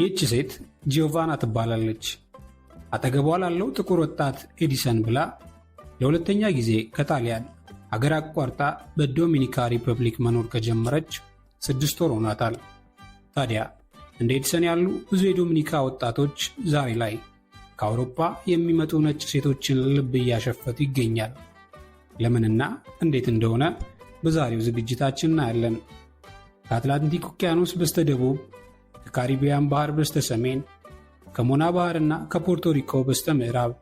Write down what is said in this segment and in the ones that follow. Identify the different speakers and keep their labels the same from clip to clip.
Speaker 1: ይህች ሴት ጂዮቫና ትባላለች። አጠገቧ ላለው ጥቁር ወጣት ኤዲሰን ብላ ለሁለተኛ ጊዜ ከጣሊያን አገር አቋርጣ በዶሚኒካ ሪፐብሊክ መኖር ከጀመረች ስድስት ወር ሆናታል። ታዲያ እንደ ኤዲሰን ያሉ ብዙ የዶሚኒካ ወጣቶች ዛሬ ላይ ከአውሮፓ የሚመጡ ነጭ ሴቶችን ልብ እያሸፈቱ ይገኛል። ለምንና እንዴት እንደሆነ በዛሬው ዝግጅታችን እናያለን። ከአትላንቲክ ውቅያኖስ በስተ ደቡብ፣ ከካሪቢያን ባህር በስተ ሰሜን፣ ከሞና ባህርና ከፖርቶሪኮ በስተ ምዕራብ፣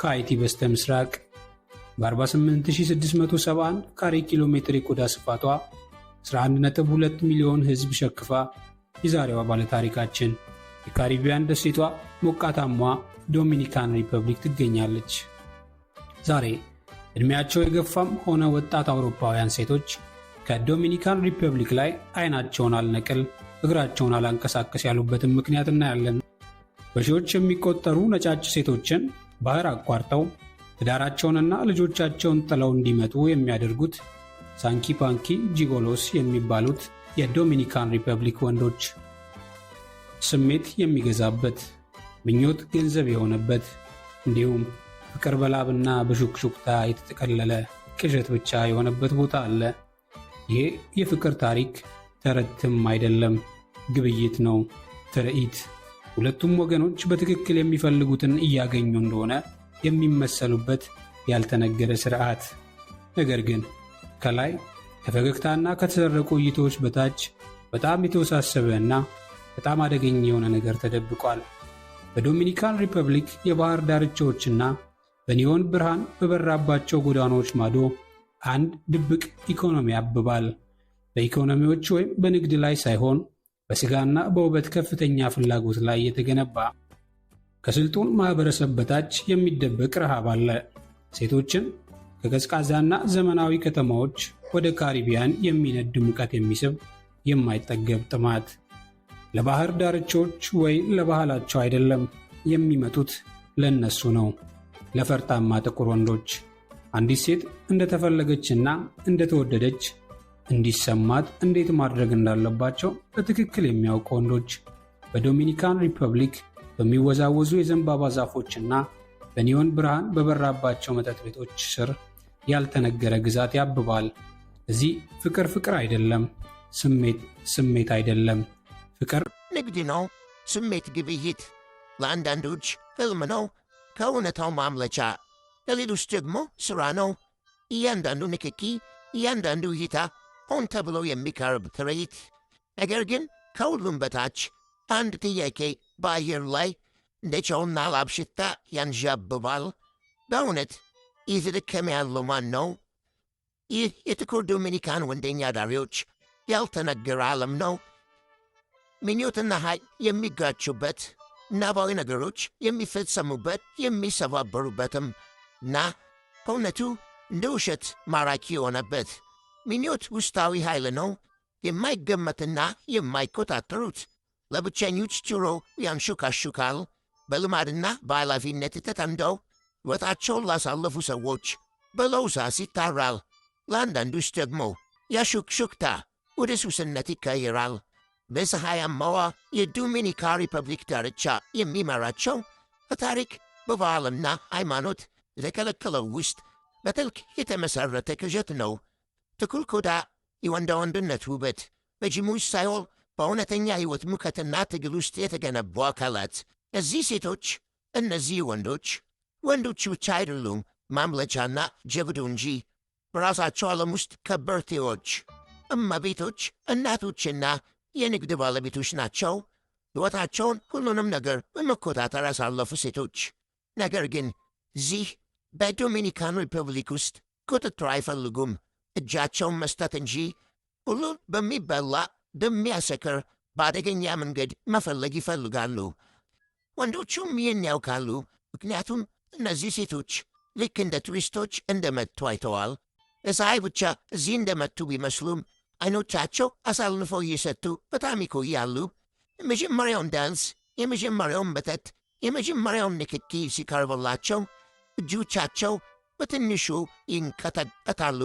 Speaker 1: ከአይቲ በስተ ምስራቅ በ48671 ካሬ ኪሎ ሜትር የቆዳ ስፋቷ 11.2 ሚሊዮን ሕዝብ ሸክፋ የዛሬዋ ባለታሪካችን የካሪቢያን ደሴቷ ሞቃታማ ዶሚኒካን ሪፐብሊክ ትገኛለች። ዛሬ ዕድሜያቸው የገፋም ሆነ ወጣት አውሮፓውያን ሴቶች ከዶሚኒካን ሪፐብሊክ ላይ አይናቸውን አልነቅል እግራቸውን አላንቀሳቀስ ያሉበትን ምክንያት እናያለን። በሺዎች የሚቆጠሩ ነጫጭ ሴቶችን ባህር አቋርጠው ትዳራቸውንና ልጆቻቸውን ጥለው እንዲመጡ የሚያደርጉት ሳንኪ ፓንኪ ጂጎሎስ የሚባሉት የዶሚኒካን ሪፐብሊክ ወንዶች ስሜት የሚገዛበት ምኞት ገንዘብ የሆነበት እንዲሁም ፍቅር በላብና በሹክሹክታ የተጠቀለለ ቅዠት ብቻ የሆነበት ቦታ አለ። ይሄ የፍቅር ታሪክ ተረትም አይደለም፣ ግብይት ነው፣ ትርኢት። ሁለቱም ወገኖች በትክክል የሚፈልጉትን እያገኙ እንደሆነ የሚመሰሉበት ያልተነገረ ስርዓት። ነገር ግን ከላይ ከፈገግታና ከተሰረቁ እይታዎች በታች በጣም የተወሳሰበ እና በጣም አደገኛ የሆነ ነገር ተደብቋል። በዶሚኒካን ሪፐብሊክ የባህር ዳርቻዎችና በኒዮን ብርሃን በበራባቸው ጎዳናዎች ማዶ አንድ ድብቅ ኢኮኖሚ ያብባል። በኢኮኖሚዎች ወይም በንግድ ላይ ሳይሆን በስጋና በውበት ከፍተኛ ፍላጎት ላይ የተገነባ ከስልጡን ማኅበረሰብ በታች የሚደበቅ ረሃብ አለ። ሴቶችን ከቀዝቃዛና ዘመናዊ ከተማዎች ወደ ካሪቢያን የሚነድ ሙቀት የሚስብ የማይጠገብ ጥማት። ለባህር ዳርቻዎች ወይ ለባህላቸው አይደለም የሚመጡት ለነሱ ነው። ለፈርጣማ ጥቁር ወንዶች አንዲት ሴት እንደተፈለገችና እንደተወደደች እንዲሰማት እንዴት ማድረግ እንዳለባቸው በትክክል የሚያውቁ ወንዶች በዶሚኒካን ሪፐብሊክ በሚወዛወዙ የዘንባባ ዛፎችና በኒዮን ብርሃን በበራባቸው መጠጥ ቤቶች ስር ያልተነገረ ግዛት ያብባል። እዚህ ፍቅር ፍቅር አይደለም፣ ስሜት ስሜት አይደለም። ፍቅር ንግድ ነው፣ ስሜት ግብይት፣ ለአንዳንዶች ህልም ነው፣ ከእውነታው ማምለጫ ለሌሎች ደግሞ ሥራ ነው። እያንዳንዱ ንክኪ፣ እያንዳንዱ እይታ ሆን ተብሎ የሚቀርብ ትርኢት። ነገር ግን ከሁሉም በታች አንድ ጥያቄ በአየር ላይ እንደ ጨውና ላብ ሽታ ያንዣብባል። በእውነት እየተደከመ ያለው ማን ነው? ይህ የጥቁር ዶሚኒካን ወንደኛ ዳሪዎች ያልተነገረ ዓለም ነው። ምኞትና ኃይል የሚጋጩበት ናባዊ ነገሮች የሚፈጸሙበት የሚሰባበሩበትም እና እውነቱ እንደ ውሸት ማራኪ የሆነበት ምኞት ውስጣዊ ኃይል ነው የማይገመትና የማይቆጣጠሩት ለብቸኞች ችሮ ያንሹካሹካል። በልማድና በኃላፊነት ተጠምደው ሕይወታቸውን ላሳለፉ ሰዎች በለውሳስ ይታራል። ለአንዳንዶች ደግሞ ያሹክሹክታ ወደ ሱስነት ይቀየራል። በፀሐያማዋ የዶሚኒካ ሪፐብሊክ ዳርቻ የሚመራቸው በታሪክ በባህልና ሃይማኖት ለከለከለው ውስጥ በጥልቅ የተመሠረተ ቅዠት ነው። ጥቁር ቆዳ የወንዳ ወንድነት ውበት በጅሙስ ሳይሆን በእውነተኛ ሕይወት ሙከትና ትግል ውስጥ የተገነቡ አካላት። እዚህ ሴቶች እነዚህ ወንዶች ወንዶቹ ብቻ አይደሉም፣ ማምለቻና ጀብዱ እንጂ በራሳቸው ዓለም ውስጥ ከበርቴዎች፣ እመቤቶች፣ እናቶችና የንግድ ባለቤቶች ናቸው። ሕይወታቸውን ሁሉንም ነገር በመኮታተር አሳለፉ ሴቶች። ነገር ግን ዚህ በዶሚኒካን ሪፐብሊክ ውስጥ ቁጥጥር አይፈልጉም። እጃቸውን መስጠት እንጂ ሁሉን በሚበላ በሚያሰክር በአደገኛ መንገድ መፈለግ ይፈልጋሉ። ወንዶቹም ይህን ያውካሉ ምክንያቱም እነዚህ ሴቶች ልክ እንደ ቱሪስቶች እንደመጡ አይተዋል። የፀሐይ ብቻ እዚህ እንደመጡ ቢመስሉም አይኖቻቸው አሳልፈው እየሰጡ በጣም ይቆያሉ። የመጀመሪያውን ዳንስ፣ የመጀመሪያውን መተት፣ የመጀመሪያውን ንክኪ ሲቀርብላቸው እጆቻቸው በትንሹ ይንቀጠቀጣሉ።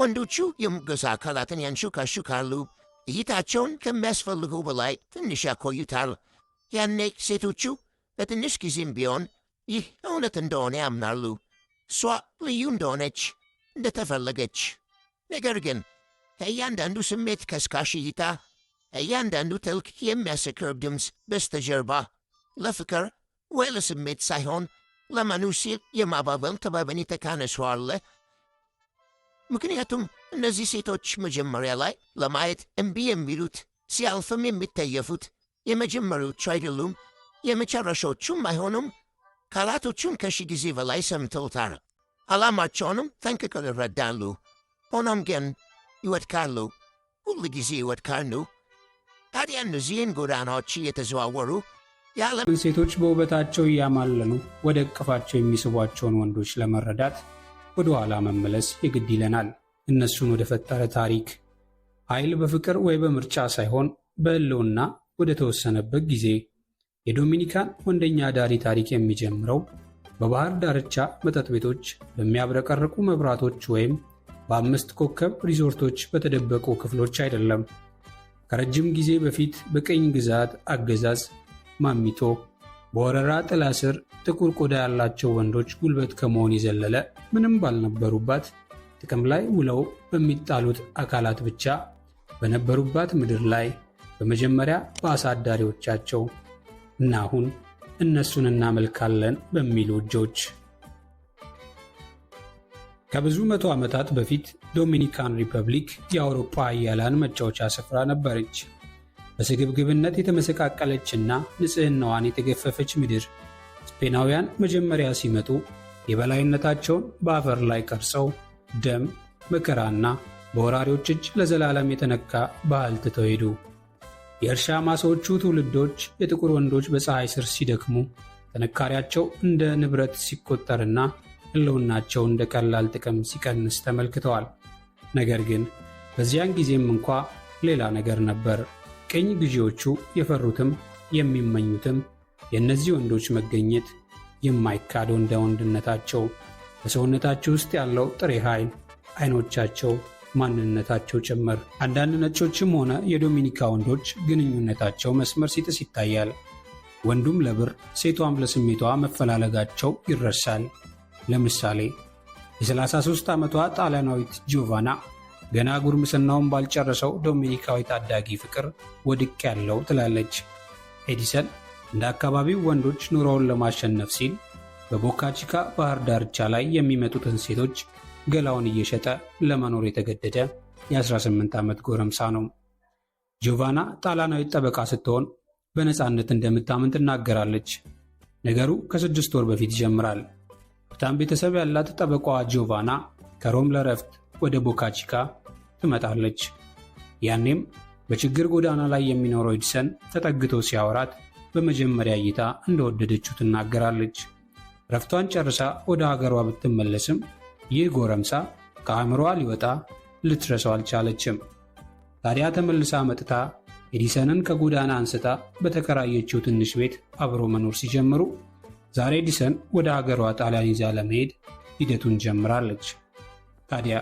Speaker 1: ወንዶቹ የሙገሳ አካላትን ያንሹካሹካሉ። እይታቸውን ከሚያስፈልገው በላይ ትንሽ ያቆዩታል። ያኔ ሴቶቹ በትንሽ ጊዜም ቢሆን ይህ እውነት እንደሆነ ያምናሉ። እሷ ልዩ እንደሆነች እንደተፈለገች ነገር ግን ከእያንዳንዱ ስሜት ከስካሽ እይታ፣ እያንዳንዱ ትልክ የሚያሰክር ድምፅ በስተጀርባ ለፍቅር ወይ ለስሜት ሳይሆን ለመኑ ሲል የማባበል ጥበብን የተካነሰዋለ። ምክንያቱም እነዚህ ሴቶች መጀመሪያ ላይ ለማየት እምቢ የሚሉት ሲያልፍም የሚተየፉት የመጀመሪያዎቹ አይደሉም፣ የመጨረሻዎቹም አይሆኑም። ቃላቶቹን ከሺ ጊዜ በላይ ሰምተውታል። ዓላማቸውንም ጠንቅቀው ይረዳሉ። ሆኖም ግን ይወድቃሉ። ሁል ጊዜ ይወድቃሉ። ታዲያ እነዚህን ጎዳናዎች እየተዘዋወሩ የዓለምን
Speaker 2: ሴቶች በውበታቸው እያማለሉ ወደ እቅፋቸው የሚስቧቸውን ወንዶች ለመረዳት ወደ ኋላ መመለስ የግድ ይለናል። እነሱን ወደ ፈጠረ ታሪክ ኃይል በፍቅር ወይ በምርጫ ሳይሆን በህልውና ወደ ተወሰነበት ጊዜ የዶሚኒካን ወንደኛ አዳሪ ታሪክ የሚጀምረው በባህር ዳርቻ መጠጥ ቤቶች በሚያብረቀርቁ መብራቶች ወይም በአምስት ኮከብ ሪዞርቶች በተደበቁ ክፍሎች አይደለም። ከረጅም ጊዜ በፊት በቅኝ ግዛት አገዛዝ ማሚቶ በወረራ ጥላ ስር ጥቁር ቆዳ ያላቸው ወንዶች ጉልበት ከመሆን የዘለለ ምንም ባልነበሩባት ጥቅም ላይ ውለው በሚጣሉት አካላት ብቻ በነበሩባት ምድር ላይ በመጀመሪያ በአሳዳሪዎቻቸው እና አሁን እነሱን እናመልካለን በሚሉ እጆች ከብዙ መቶ ዓመታት በፊት ዶሚኒካን ሪፐብሊክ የአውሮፓ አያላን መጫወቻ ስፍራ ነበረች። በስግብግብነት የተመሰቃቀለችና ንጽሕናዋን የተገፈፈች ምድር። ስፔናውያን መጀመሪያ ሲመጡ የበላይነታቸውን በአፈር ላይ ቀርጸው ደም፣ መከራና በወራሪዎች እጅ ለዘላለም የተነካ ባህል ትተው ሄዱ። የእርሻ ማሳዎቹ ትውልዶች የጥቁር ወንዶች በፀሐይ ስር ሲደክሙ ጥንካሬያቸው እንደ ንብረት ሲቆጠርና ህልውናቸው እንደ ቀላል ጥቅም ሲቀንስ ተመልክተዋል። ነገር ግን በዚያን ጊዜም እንኳ ሌላ ነገር ነበር። ቅኝ ግዢዎቹ የፈሩትም የሚመኙትም የእነዚህ ወንዶች መገኘት የማይካድ እንደ ወንድነታቸው በሰውነታቸው ውስጥ ያለው ጥሬ ኃይል፣ አይኖቻቸው፣ ማንነታቸው ጭምር። አንዳንድ ነጮችም ሆነ የዶሚኒካ ወንዶች ግንኙነታቸው መስመር ሲጥስ ይታያል። ወንዱም ለብር ሴቷም ለስሜቷ መፈላለጋቸው ይረሳል። ለምሳሌ የ33 ዓመቷ ጣሊያናዊት ጆቫና ገና ጉርምስናውን ባልጨረሰው ዶሚኒካዊ ታዳጊ ፍቅር ወድቅ ያለው ትላለች። ኤዲሰን እንደ አካባቢው ወንዶች ኑሮውን ለማሸነፍ ሲል በቦካቺካ ባህር ዳርቻ ላይ የሚመጡትን ሴቶች ገላውን እየሸጠ ለመኖር የተገደደ የ18 ዓመት ጎረምሳ ነው። ጆቫና ጣሊያናዊት ጠበቃ ስትሆን በነፃነት እንደምታምን ትናገራለች። ነገሩ ከስድስት ወር በፊት ይጀምራል። ሀብታም ቤተሰብ ያላት ጠበቃዋ ጆቫና ከሮም ለረፍት ወደ ቦካቺካ ትመጣለች። ያኔም በችግር ጎዳና ላይ የሚኖረው ኤድሰን ተጠግቶ ሲያወራት በመጀመሪያ እይታ እንደወደደችው ትናገራለች። ረፍቷን ጨርሳ ወደ ሀገሯ ብትመለስም ይህ ጎረምሳ ከአእምሯ ሊወጣ ልትረሰው አልቻለችም። ታዲያ ተመልሳ መጥታ ኤዲሰንን ከጎዳና አንስታ በተከራየችው ትንሽ ቤት አብሮ መኖር ሲጀምሩ ዛሬ ዲሰን ወደ ሀገሯ ጣሊያን ይዛ ለመሄድ ሂደቱን ጀምራለች። ታዲያ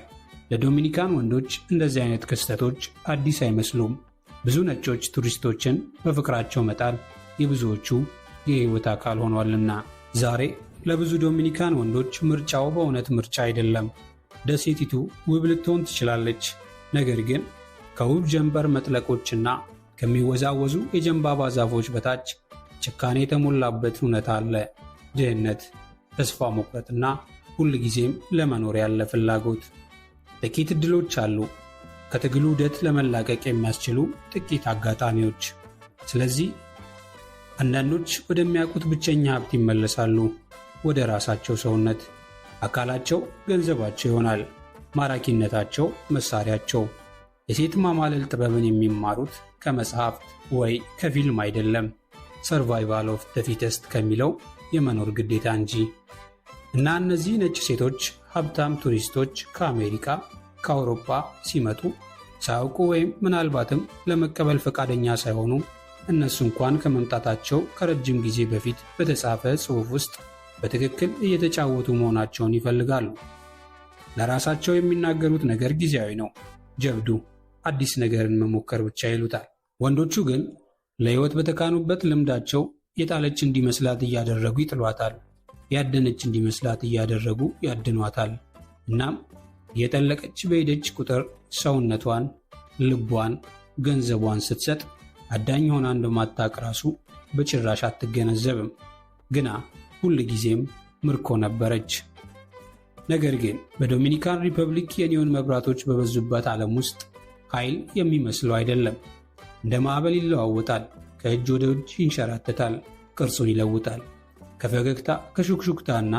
Speaker 2: ለዶሚኒካን ወንዶች እንደዚህ አይነት ክስተቶች አዲስ አይመስሉም። ብዙ ነጮች ቱሪስቶችን በፍቅራቸው መጣል የብዙዎቹ የህይወት አካል ሆኗልና ዛሬ ለብዙ ዶሚኒካን ወንዶች ምርጫው በእውነት ምርጫ አይደለም። ደሴቲቱ ውብ ልትሆን ትችላለች፣ ነገር ግን ከውብ ጀንበር መጥለቆችና ከሚወዛወዙ የዘንባባ ዛፎች በታች ጭካኔ የተሞላበት እውነት አለ። ድህነት፣ ተስፋ መቁረጥና ጊዜም ለመኖር ያለ ፍላጎት። ጥቂት እድሎች አሉ፣ ከትግሉ ውደት ለመላቀቅ የሚያስችሉ ጥቂት አጋጣሚዎች። ስለዚህ አንዳንዶች ወደሚያውቁት ብቸኛ ሀብት ይመለሳሉ፣ ወደ ራሳቸው ሰውነት። አካላቸው ገንዘባቸው ይሆናል፣ ማራኪነታቸው መሳሪያቸው። የሴት ማማለል ጥበብን የሚማሩት ከመጽሐፍት ወይ ከፊልም አይደለም። ሰርቫይቫል ኦፍ ደፊተስት ከሚለው የመኖር ግዴታ እንጂ። እና እነዚህ ነጭ ሴቶች ሀብታም ቱሪስቶች ከአሜሪካ ከአውሮፓ ሲመጡ ሳያውቁ ወይም ምናልባትም ለመቀበል ፈቃደኛ ሳይሆኑ እነሱ እንኳን ከመምጣታቸው ከረጅም ጊዜ በፊት በተጻፈ ጽሑፍ ውስጥ በትክክል እየተጫወቱ መሆናቸውን ይፈልጋሉ። ለራሳቸው የሚናገሩት ነገር ጊዜያዊ ነው፣ ጀብዱ፣ አዲስ ነገርን መሞከር ብቻ ይሉታል። ወንዶቹ ግን ለሕይወት በተካኑበት ልምዳቸው የጣለች እንዲመስላት እያደረጉ ይጥሏታል። ያደነች እንዲመስላት እያደረጉ ያድኗታል። እናም የጠለቀች በሄደች ቁጥር ሰውነቷን፣ ልቧን፣ ገንዘቧን ስትሰጥ አዳኝ ሆና እንደማታቅ ራሱ በጭራሽ አትገነዘብም። ግና ሁል ጊዜም ምርኮ ነበረች። ነገር ግን በዶሚኒካን ሪፐብሊክ የኒዮን መብራቶች በበዙበት ዓለም ውስጥ ኃይል የሚመስለው አይደለም። እንደ ማዕበል ይለዋወጣል። ከእጅ ወደ እጅ ይንሸራተታል፣ ቅርሱን ይለውጣል። ከፈገግታ ከሹክሹክታና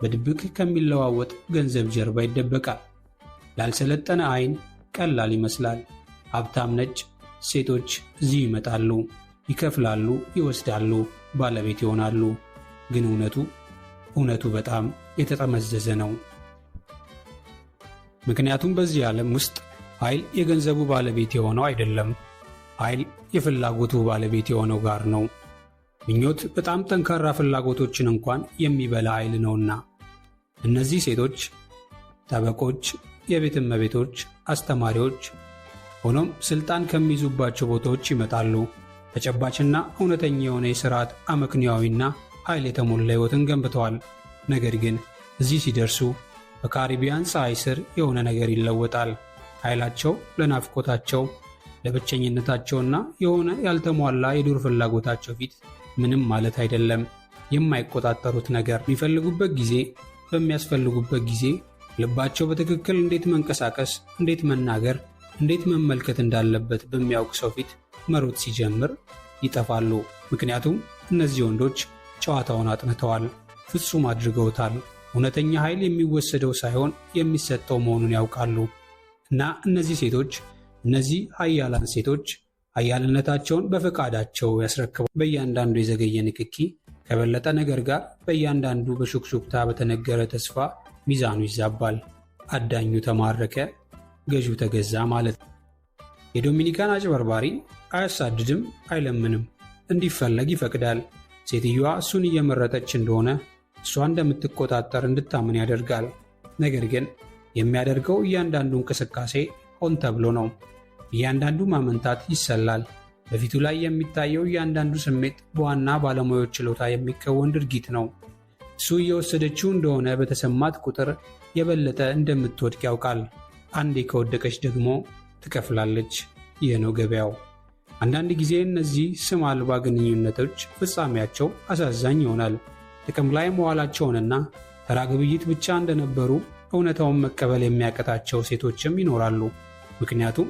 Speaker 2: በድብቅ ከሚለዋወጥ ገንዘብ ጀርባ ይደበቃል። ላልሰለጠነ አይን ቀላል ይመስላል። ሀብታም ነጭ ሴቶች እዚህ ይመጣሉ፣ ይከፍላሉ፣ ይወስዳሉ፣ ባለቤት ይሆናሉ። ግን እውነቱ እውነቱ በጣም የተጠመዘዘ ነው። ምክንያቱም በዚህ ዓለም ውስጥ ኃይል የገንዘቡ ባለቤት የሆነው አይደለም። ኃይል የፍላጎቱ ባለቤት የሆነው ጋር ነው። ምኞት በጣም ጠንካራ ፍላጎቶችን እንኳን የሚበላ ኃይል ነውና። እነዚህ ሴቶች ጠበቆች፣ የቤት እመቤቶች፣ አስተማሪዎች፣ ሆኖም ስልጣን ከሚይዙባቸው ቦታዎች ይመጣሉ። ተጨባጭና እውነተኛ የሆነ የሥርዓት አመክንያዊና ኃይል የተሞላ ሕይወትን ገንብተዋል። ነገር ግን እዚህ ሲደርሱ በካሪቢያን ፀሐይ ስር የሆነ ነገር ይለወጣል። ኃይላቸው ለናፍቆታቸው ለብቸኝነታቸውና የሆነ ያልተሟላ የዱር ፍላጎታቸው ፊት ምንም ማለት አይደለም። የማይቆጣጠሩት ነገር የሚፈልጉበት ጊዜ በሚያስፈልጉበት ጊዜ ልባቸው በትክክል እንዴት መንቀሳቀስ፣ እንዴት መናገር፣ እንዴት መመልከት እንዳለበት በሚያውቅ ሰው ፊት መሮጥ ሲጀምር ይጠፋሉ። ምክንያቱም እነዚህ ወንዶች ጨዋታውን አጥንተዋል፣ ፍጹም አድርገውታል። እውነተኛ ኃይል የሚወሰደው ሳይሆን የሚሰጠው መሆኑን ያውቃሉ እና እነዚህ ሴቶች እነዚህ ኃያላን ሴቶች ኃያልነታቸውን በፈቃዳቸው ያስረክባል። በእያንዳንዱ የዘገየ ንክኪ ከበለጠ ነገር ጋር በእያንዳንዱ በሹክሹክታ በተነገረ ተስፋ ሚዛኑ ይዛባል። አዳኙ ተማረከ፣ ገዢው ተገዛ ማለት ነው። የዶሚኒካን አጭበርባሪ አያሳድድም፣ አይለምንም፣ እንዲፈለግ ይፈቅዳል። ሴትዮዋ እሱን እየመረጠች እንደሆነ እሷ እንደምትቆጣጠር እንድታምን ያደርጋል። ነገር ግን የሚያደርገው እያንዳንዱ እንቅስቃሴ ሆን ተብሎ ነው። እያንዳንዱ ማመንታት ይሰላል። በፊቱ ላይ የሚታየው እያንዳንዱ ስሜት በዋና ባለሙያዎች ችሎታ የሚከወን ድርጊት ነው። እሱ እየወሰደችው እንደሆነ በተሰማት ቁጥር የበለጠ እንደምትወድቅ ያውቃል። አንዴ ከወደቀች ደግሞ ትከፍላለች። ይህ ነው ገበያው። አንዳንድ ጊዜ እነዚህ ስም አልባ ግንኙነቶች ፍጻሜያቸው አሳዛኝ ይሆናል። ጥቅም ላይ መዋላቸውንና ተራ ግብይት ብቻ እንደነበሩ እውነታውን መቀበል የሚያቀታቸው ሴቶችም ይኖራሉ። ምክንያቱም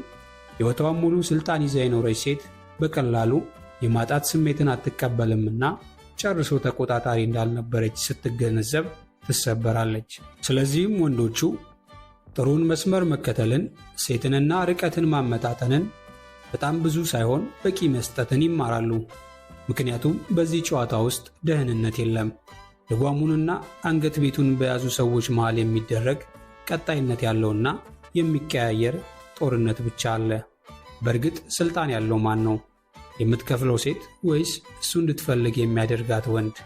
Speaker 2: ሕይወቷን ሙሉ ሥልጣን ይዛ የኖረች ሴት በቀላሉ የማጣት ስሜትን አትቀበልምና ጨርሶ ተቆጣጣሪ እንዳልነበረች ስትገነዘብ ትሰበራለች። ስለዚህም ወንዶቹ ጥሩን መስመር መከተልን፣ ሴትንና ርቀትን ማመጣጠንን፣ በጣም ብዙ ሳይሆን በቂ መስጠትን ይማራሉ። ምክንያቱም በዚህ ጨዋታ ውስጥ ደህንነት የለም። ልጓሙንና አንገት ቤቱን በያዙ ሰዎች መሃል የሚደረግ ቀጣይነት ያለውና የሚቀያየር ጦርነት ብቻ አለ። በእርግጥ ስልጣን ያለው ማን ነው? የምትከፍለው ሴት ወይስ እሱ እንድትፈልግ የሚያደርጋት ወንድ?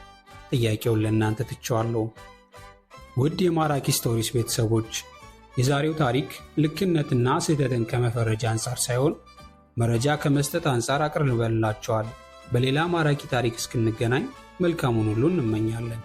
Speaker 2: ጥያቄውን ለእናንተ ትቸዋለሁ። ውድ የማራኪ ስቶሪስ ቤተሰቦች የዛሬው ታሪክ ልክነትና ስህተትን ከመፈረጃ አንጻር ሳይሆን መረጃ ከመስጠት አንጻር አቅርበንላችኋል። በሌላ ማራኪ ታሪክ እስክንገናኝ መልካሙን ሁሉ እንመኛለን።